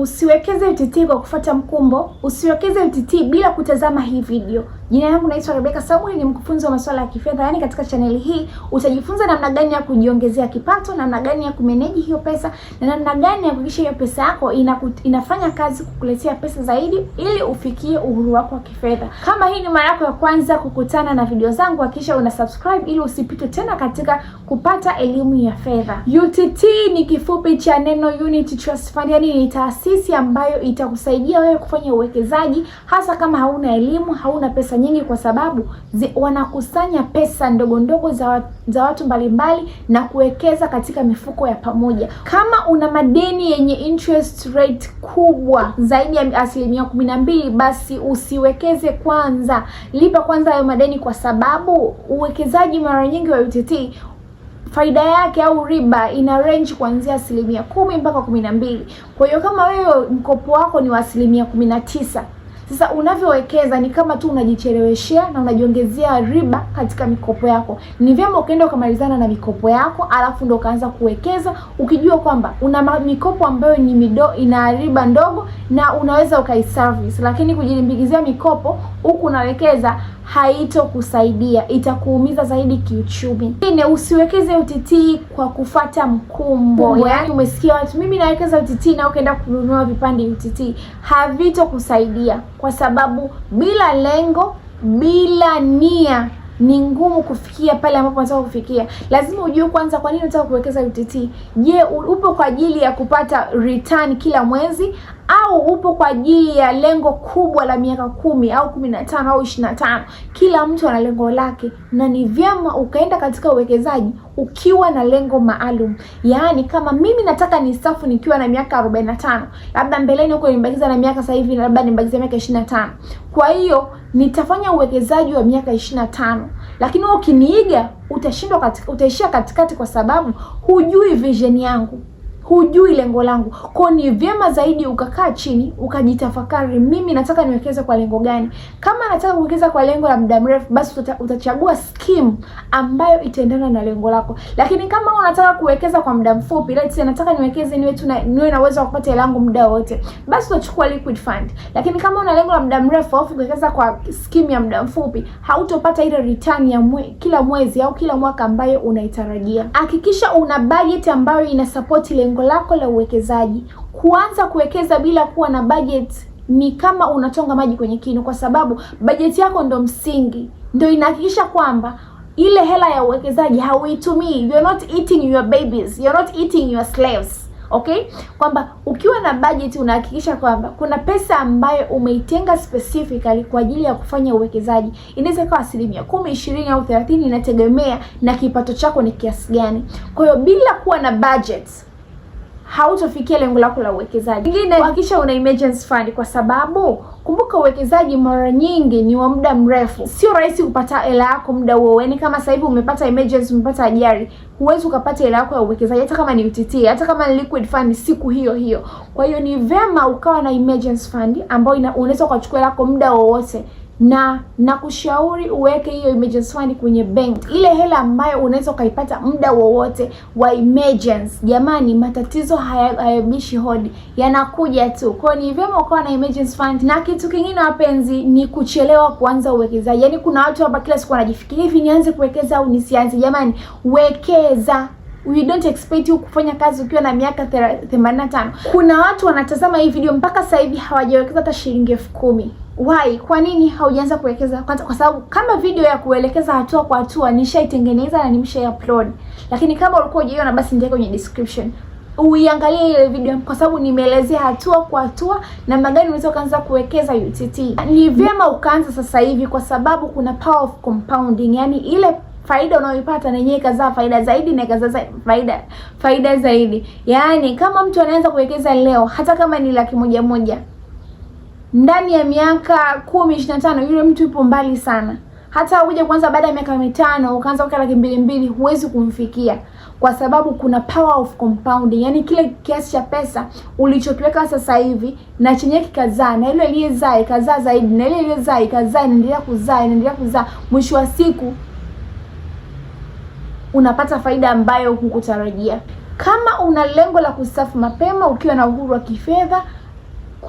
Usiwekeze UTT kwa kufuata mkumbo, usiwekeze UTT bila kutazama hii video. Jina langu naitwa Rebecca Samuel, ni mkufunzi wa masuala ya kifedha. Yaani katika chaneli hii utajifunza namna gani ya kujiongezea kipato, namna gani ya kumeneji hiyo pesa na namna gani ya kuhakikisha hiyo pesa yako inafanya kazi kukuletea pesa zaidi ili ufikie uhuru wako wa kifedha. Kama hii ni mara yako ya kwanza kukutana na video zangu, hakikisha una subscribe ili usipitwe tena katika kupata elimu ya fedha. UTT ni kifupi cha neno Unity Trust Fund, yaani ni taasisi ambayo itakusaidia wewe kufanya uwekezaji hasa kama hauna elimu, hauna pesa pesa nyingi kwa sababu zi, wanakusanya pesa ndogo ndogo za, za watu mbalimbali na kuwekeza katika mifuko ya pamoja. Kama una madeni yenye interest rate kubwa zaidi ya asilimia kumi na mbili, basi usiwekeze kwanza, lipa kwanza hayo madeni, kwa sababu uwekezaji mara nyingi wa UTT faida yake au riba ina range kuanzia asilimia kumi mpaka kumi na mbili. Kwa hiyo kama wewe mkopo wako ni wa asilimia kumi na tisa sasa unavyowekeza ni kama tu unajicheleweshea na unajiongezea riba katika mikopo yako. Ni vyema ukaenda ukamalizana na mikopo yako, alafu ndo ukaanza kuwekeza ukijua kwamba una mikopo ambayo ni mido, ina riba ndogo na unaweza ukaiservice, lakini kujilimbikizia mikopo huku unawekeza haitokusaidia, itakuumiza zaidi kiuchumi. Ingine, usiwekeze UTT kwa kufata mkumbo. Yaani umesikia watu, mimi nawekeza UTT na ukaenda kununua vipande UTT, havitokusaidia kwa sababu bila lengo, bila nia ni ngumu kufikia pale ambapo unataka kufikia. Lazima ujue kwanza, kwa nini unataka kuwekeza UTT. Je, upo kwa ajili ya kupata return kila mwezi au upo kwa ajili ya lengo kubwa la miaka kumi au kumi na tano au ishirini na tano? Kila mtu ana lengo lake, na ni vyema ukaenda katika uwekezaji ukiwa na lengo maalum, yaani kama mimi nataka ni nistaafu nikiwa na miaka 45, labda mbeleni huko nibakiza na miaka sasa hivi labda nibakiza miaka 25. Kwa hiyo nitafanya uwekezaji wa miaka 25, lakini wewe ukiniiga utashindwa katika, utaishia katikati, kwa sababu hujui vision yangu hujui lengo langu. Kwa ni vyema zaidi ukakaa chini ukajitafakari, mimi nataka niwekeze kwa lengo gani? Kama nataka kuwekeza kwa lengo la muda mrefu, basi utachagua scheme ambayo itaendana na lengo lako. Lakini kama unataka kuwekeza kwa muda mfupi, let's say nataka niwekeze niwe tu niwe na uwezo wa kupata hela yangu muda wote, basi utachukua liquid fund. Lakini kama una lengo la muda mrefu alafu kuwekeza kwa scheme ya muda mfupi, hautopata ile return ya mwe, kila mwezi au kila mwaka ambayo unaitarajia. Hakikisha una budget ambayo ina support lengo lengo lako la uwekezaji. Kuanza kuwekeza bila kuwa na budget ni kama unatonga maji kwenye kinu, kwa sababu bajeti yako ndo msingi, ndo inahakikisha kwamba ile hela ya uwekezaji hauitumii. You're not eating your babies, you're not eating your slaves. Okay, kwamba ukiwa na budget unahakikisha kwamba kuna pesa ambayo umeitenga specifically kwa ajili ya kufanya uwekezaji. Inaweza ikawa asilimia kumi, ishirini au thelathini, inategemea na kipato chako ni kiasi gani. Kwa hiyo bila kuwa na budget hautafikia lengo lako la uwekezaji. Ingine, hakikisha una emergency fund, kwa sababu kumbuka, uwekezaji mara nyingi ni wa muda mrefu. Sio rahisi kupata hela yako muda huo, yaani kama sasa hivi umepata emergency, umepata ajali, huwezi ukapata hela yako ya uwekezaji, hata kama ni UTT, hata kama ni liquid fund siku hiyo hiyo. Kwa hiyo ni vema ukawa na emergency fund ambayo unaweza ukachukua lako muda wowote na na kushauri uweke hiyo emergency fund kwenye bank, ile hela ambayo unaweza ukaipata muda wowote wa emergency. Jamani, matatizo hayabishi haya hodi, yanakuja tu. Kwa ni vyema ukawa na emergency fund. Na kitu kingine wapenzi, ni kuchelewa kuanza uwekezaji. Yaani kuna watu hapa kila siku wanajifikiria hivi, nianze kuwekeza au nisianze? Jamani, wekeza We don't expect you kufanya kazi ukiwa na miaka 85. Kuna watu wanatazama hii video mpaka sasa hivi hawajawekeza hata shilingi elfu kumi why, kwa nini haujaanza kuwekeza kwanza? Kwa sababu kama video ya kuelekeza hatua kwa hatua nishaitengeneza na nimesha upload, lakini kama ulikuwa hujaiona, basi ndio kwenye description uiangalie ile video, kwa sababu nimeelezea hatua kwa hatua namna gani unaweza ukaanza kuwekeza UTT. Ni vyema ukaanza sasa hivi, kwa sababu kuna power of compounding, yani ile faida unayoipata na yenyewe ikazaa faida zaidi na ikazaa faida faida zaidi. Yaani kama mtu anaanza kuwekeza leo, hata kama ni laki moja moja ndani ya miaka kumi ishirini na tano yule mtu yupo mbali sana. Hata ukija kwanza baada ya miaka mitano ukaanza kuweka laki mbili mbili, huwezi kumfikia kwa sababu kuna power of compounding, yani kile kiasi cha pesa ulichokiweka sasa hivi na chenye kikazaa na ile iliyezaa ikazaa zaidi na ile iliyozaa ikazaa, inaendelea kuzaa inaendelea kuzaa, mwisho wa siku unapata faida ambayo hukutarajia. Kama una lengo la kustaafu mapema ukiwa na uhuru wa kifedha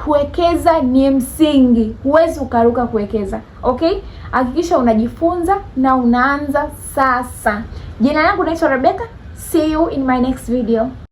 kuwekeza ni msingi, huwezi ukaruka kuwekeza. Okay, hakikisha unajifunza na unaanza sasa. Jina langu naitwa Rebecca. See you in my next video.